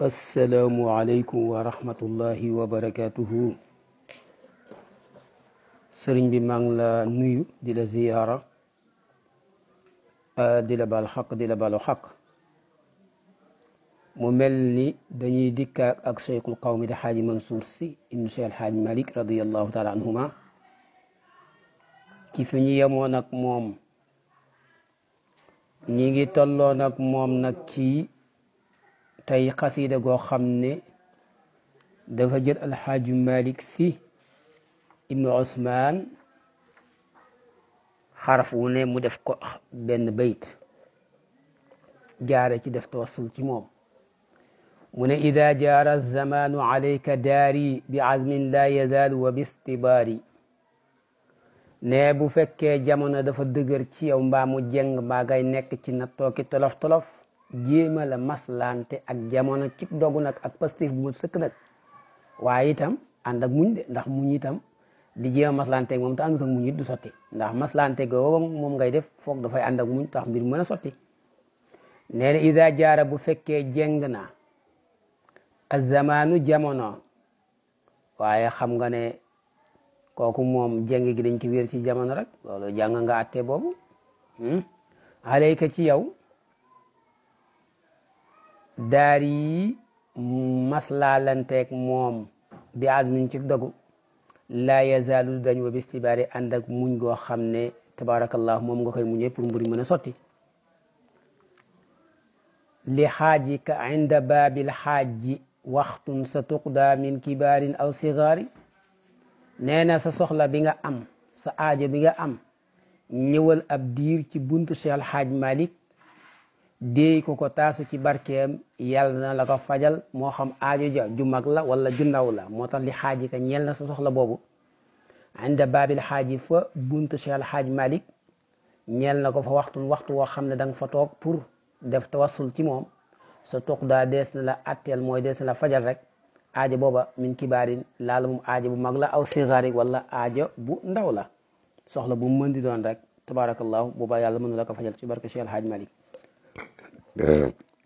asalaamualeykum wa rahmatullahi wa barakaatuhu sëriñ bi maa ngi la nuyu di la ziyaara ah, di la baal xaq di la baalu xaq mu mel ni dañuy dikkaak ak cheikhul qawmi di xaaji Mansour si ibnu cheikh alxaaji Malik radiallahu taala anhuma ci fi ñu yemoon ak moom ñi ngi tolloon ak moom nag ci tey xasiida goo xam ne dafa jël alxaaju malik si ibnu osmaan xaraf wu ne mu def ko benn bayt jaare ci def tawassul ci moom mu ne ida jaara alzamaanu alayka daari bi azmin laa yazaalu wa bistibaari ne bu fekke jamono dafa dëgër ci yow mbaamu mu jeng mbaa ngay nekk ci nattooki tolof-tolof jéema la maslante ak jamono ci dogu nag ak pastif bu ma sëkk nag waaye itam ànd ak muñ de ndax muñ itam di jéem maslante moom te àndut ak muñ it du sotti ndax maslante googu moom ngay def foog dafay ànd ak muñ tax mbir mën a sotti nee na ida jaara bu fekkee jeng na azamaanu jamono waaye xam nga ne kooku moom jeng gi dañ ko wéer ci jamono rek loolu jàng nga atte boobu hmm? alayka ci yow daari yi maslaalanteeg moom bi azmin ci dogu laa yazaalu dañ wa bistibaari ànd ak muñ goo xam ne tabaarakallahu moom nga koy mu pour mbir mën a sotti li xaajika inda baabil xaaji waxtun sa tuqda min kibaarin aw sigaari nee na sa soxla bi nga am sa aajo bi nga am ñëwal ab diir ci buntu Cheikh Alxaaj Malik déey ko ko taasu ci barkeem yàlla na la ko fajal moo xam aajo ja ju mag la wala ju ndaw la moo tax li xaaji ka ñeel na sa soxla boobu inda baabil xaaji fa buntu Cheikh Al Hadj Malick na ko fa waxtu waxtu woo xam ne da fa toog pour def tawassul ci moom sa toq daa dees na la atteel mooy dees na la fajal rek aajo booba min kibaarin laal mu aajo bu mag la aw sigaari wala aajo bu ndaw la soxla bu mën di doon rek tabarakallahu booba yàlla mën na la ko fajal ci barke Cheikh Al Hadj Malick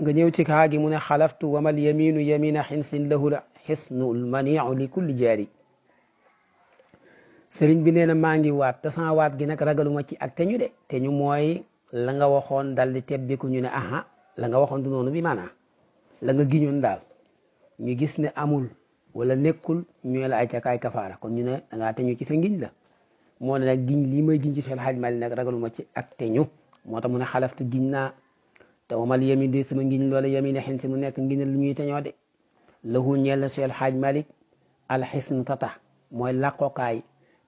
nga ñëw ci kaa gi mu ne xalaftu wamal yaminu yamina xinsin lahu la nu maniu li kulli jaari sëriñ bi nee na maa ngi waat te waat gi nag ragaluma ci ak teñu de teñu mooy la nga waxoon dal di tebbiku ñu ne la nga waxoon du noonu bi la nga giñoon daal ñu gis ne amul wala nekkul ñu ay cakaay ñu ne da ngaa teñu moo ne nag giñ lii may giñ ci seen xaaj mali nag ragaluma ci ak teñu moo tax mu ne xalaftu giñ naa te wamal yamin di sama ngiñ loola yamin xin si mu nekk ngi ne lu ñuy teñoo de lahu ñeel na seel xaaj malik alxisnu tata mooy làqokaay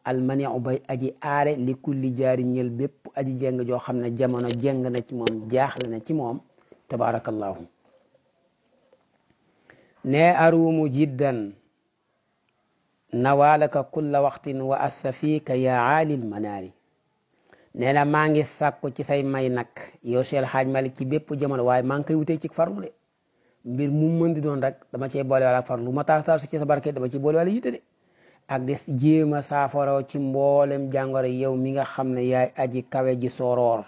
almaniu bay aji aare li kulli jaari ñeel bépp aji jeng joo xam ne jamono jeng na ci moom jaaxle na ci moom tabarakallahu ne aruumu jiddan nawaalaka kulla waxtin wa assa fiika yaa aalil manaari nee na maa ngi sàkku ci say may nag yow Cheikh Hadj Malick ci bépp jamono waaye maa ngi koy wutee ci farlu de mbir mu mën di doon rek dama cee boole wala ak farlu ma taas taas ci sa barke dama ci boole wala de ak des jéem a saafara ci mboolem jàngoro yow mi nga xam ne yaay aji kawe ji sooroor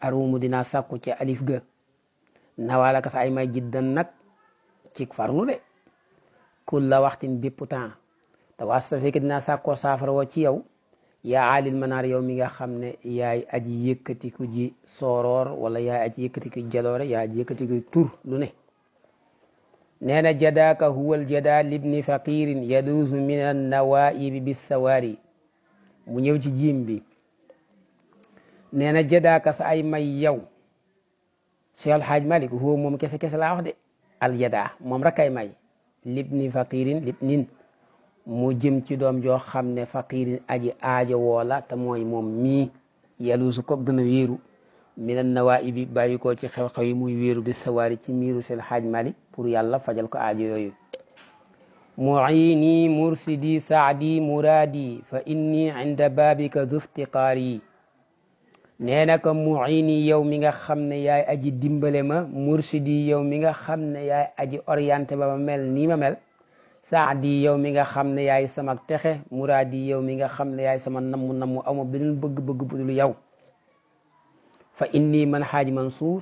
arumu dina sakku ci alif ga nawaala ka sa ay may jiddan nag ci farlu de kul la waxtin bépp temps te waa su fekkee dinaa sàkkoo saafara ci yow. yaa alil manaar yow mi nga xam ne yaay aji yëkkatiku ji sooroor wala yaay aji yëkkatiku jaloore yaay tur lu ne nee na jadaaka huwal jada libni faqirin yaduusu min an nawaibi bisawaari mu ñëw ci jiim bi nee na sa ay may yow Cheikh El Hadj Malick huwa moom kese kese laa wax de al jada moom rakay may libni faqirin libnin mu jëm ci doom joo xam ne faqirin aji aajo woola te mooy moom mii yaluusu koog dana wéeru minan nawaa'ibi bàyyi ko ci xew-xew yi muy wéeru bi sawaari ci miiru seen xaaj mali pour yàlla fajal ko aajo yooyu muciini mursidi saadi muraadi fa inni inda baabika duftiqaari nee na ko muciini yow mi nga xam ne yaay aji dimbale ma mursidi yow mi nga xam ne yaay aji orienté ba ma mel nii ma mel saadi yow mi nga xam ne yaay sama texe muraadi yow mi nga xam ne yaay sama namm namm amu beneen bëgg-bëgg bu dul yow fa inni man xaaji Mansour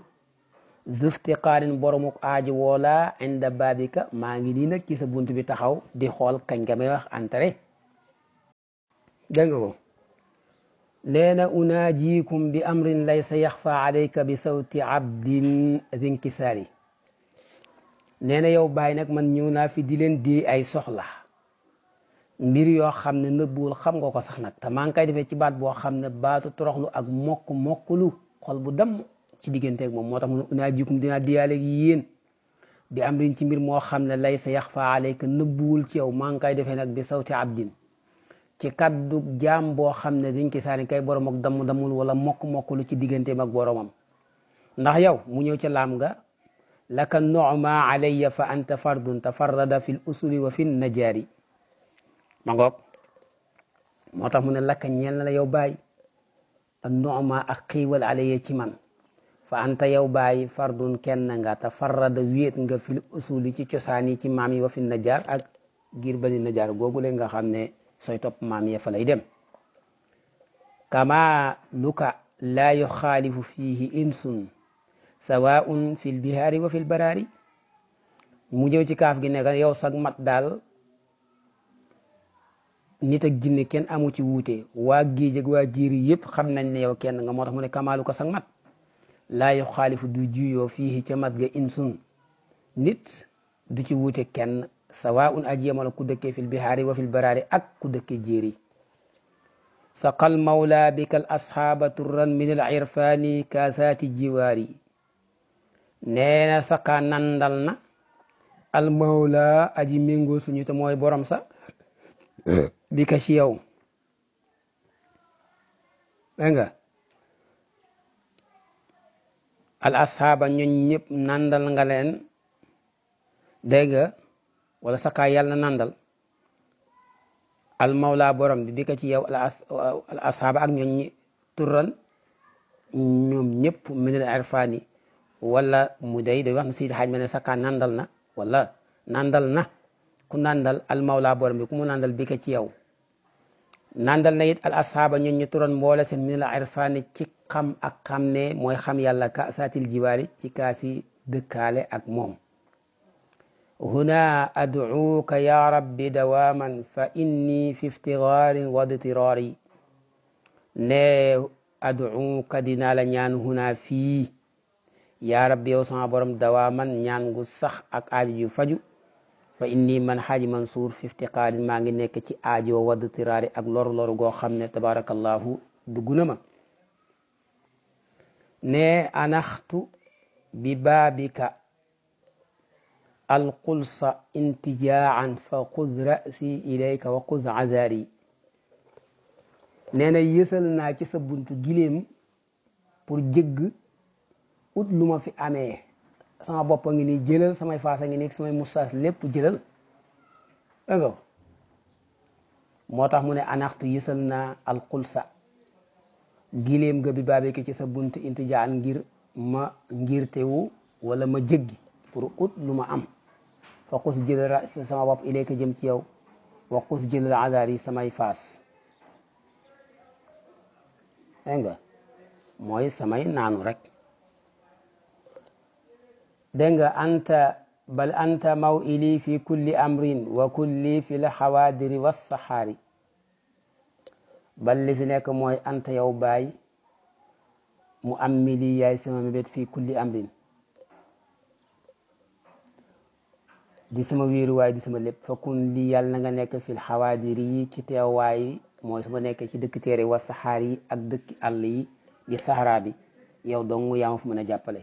zuftiqaarin boromuk aaji woola inda babika maa ngi nii nag ci sa bunt bi taxaw di xool kañ nga may wax entré dégg nga ko nee na unaajikum bi amrin laysa yaxfa alayka bi sawti abdin zinkisaari nee na yow bàyyi nag man ñëw naa fi di leen di ay soxla mbir yoo xam ne nëbbuwul xam nga ko sax nag maa ngi koy defee ci baat boo xam ne baatu toroxlu ak mokk mokkulu xol bu damm ci digganteeg moom moo tax mu ne unaa jikum dinaa diyaaleeg yéen bi am riñ ci mbir moo xam ne lay sa yax fa alayka nëbbuwul ci yow maa ngi koy defee nag bi sawti abdin ci kaddu jaam boo xam ne dañ ki saani kay borom ak damm dammul wala mokk mokkulu ci digganteem ak boromam ndax yow mu laka noma alayya fa anta fardun tafarrada fi l usuli wa fi najaari ma ngoog moo tax mu ne lakka ñeel na la yow baay a ak xiiwal alayya ci man fa anta yow baay fardun kenn nga tafarrada wéet nga fil usuli ci cosaan yi ci maam yi wa fi najaar ak giir bani najaar googu le nga xam ne sooy topp maam ya fa lay dem kama luka laa yuxaalifu fiihi insun sawaun fil bihaari wa fil baraari mu ñëw ci kaaf gi nekk yow sag mat daal nit ak jinne kenn amu ci wuute waa géej ak jiiri yëpp xam nañ ne yow kenn nga moo tax ne kamaalu ko sag mat laa yu xaalifu du juyoo fii ca mat ga insun nit du ci wuute kenn sawaun aji yemala ku dëkkee fil bihaari wa fil baraari ak ku dëkkee jéeri saqal mawla bikal asxaaba turran min al irfaani kaasaati jiwaari nee na saka nandal na almawla aji méngoo suñu te mooy borom sa eh. bi ka ci yow dégg nga al ashaaba ñun ñëpp nandal ngaleen leen ga nga wala saka yàlla na nandal al mawla borom bi bi ka ci yow al ashaaba ak ñun ñi tural ñoom ñëpp min al irfani wala mu day day wax na Sidi Xaaj ma ne nandal na wala nandal na ku nandal al mawla borom ku mu nandal bi ka ci yow nandal na al asxaaba ñun ñu turoon mboole seen min al ci xam ak xam ne mooy xam yàlla ka saatil ci kaasi dëkkaale ak moom huna adcuuka ya rabbi dawaaman fa inni fi iftigaarin wa ditiraari ne adcuuka dinaa ñaan huna fii ya rabbi yow sama borom dawaa man ñaan gu sax ak aaju faju fa inni man xaaji mansuur fi iftiqaarin maa ngi nekk ci aajo wadd tiraari ak loru loru goo xam ne tabaarakallaahu dugg na ma ne anaxtu bi baabika alqulsa intijaan fa xud rasi ilayka wa xud azari nee na yësal naa ci sa buntu gileem pour jëgg ut lu ma fi amee sama bopp a ngi nii jëlal samay faas a ngi nii samay mustaas lépp jëlal moo tax mu ne anaxtu yësal naa alxulsa giléem ga bi baabeke ci sa bunt intijaan ngir ma ngirtewu wala ma jëggi pour ut lu ma am fa xus jëlal sama bopp ilayka jëm ci yow wa xus jëlal adaar yi samay faas dégg nga mooy samay naanu rek dégg nga anta bal anta maw ili fi kulli amrin wa kulli fi la xawaadiri wa saxaari bal li fi nekk mooy anta yow baay mu am mili yaay sama mébét fi kulli amrin di sama wéeruwaay di sama lépp fakkun li yàlla na nga nekk fil xawaadir yi ci teewaay yi mooy su ma nekkee ci dëkk téere wa saxaar yi ak dëkk àll yi di saxaraa bi yow dong yaa mën a jàppale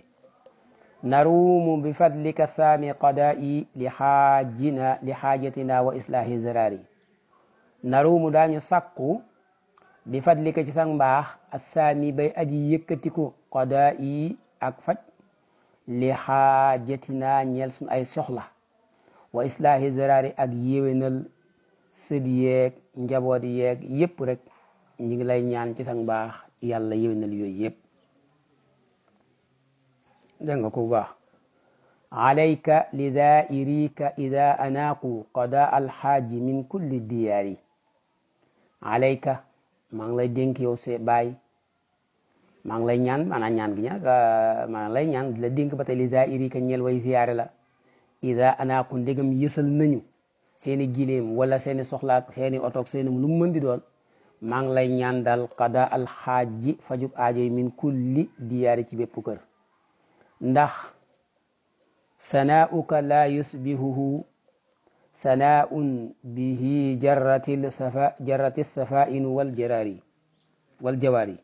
naruumu bi fadlika saami qadaa'i li xaajina li xaajatina wa islaahi ziraari naruumu daañu sàkku bi fadlika ci sa mbaax assaami bay aji yëkkatiku qadaa'i ak faj li xaajatina ñeel sun ay soxla wa islaahi ziraari ak yéwénal sët yeeg njaboot yeeg yépp rek ñu ngi lay ñaan ci sa mbaax yàlla yéwénal yooyu yépp dégg nga ko bu baax alayka li daairika ida anaaqu qada alxaaji min kulli diyaari alayka maa ngi lay dénk yow see baay maa ngi lay ñaan maanaam ñaan gi ñag la dénk ba tey li daairika ñeel way ziyaare la ida anaaqu ndegam yësal nañu seeni gileem wala seeni soxlaak seeni otoog seeni lu mu mën doon maa ngi lay ñaan daal qada alxaaji fajug aajo yi min kulli diyaari ci bépp kër ndax sanaa'uka laa yusbihuhu sanaa'un bihi jarrati safa jarrati safa'in wal jaraari wal jawaari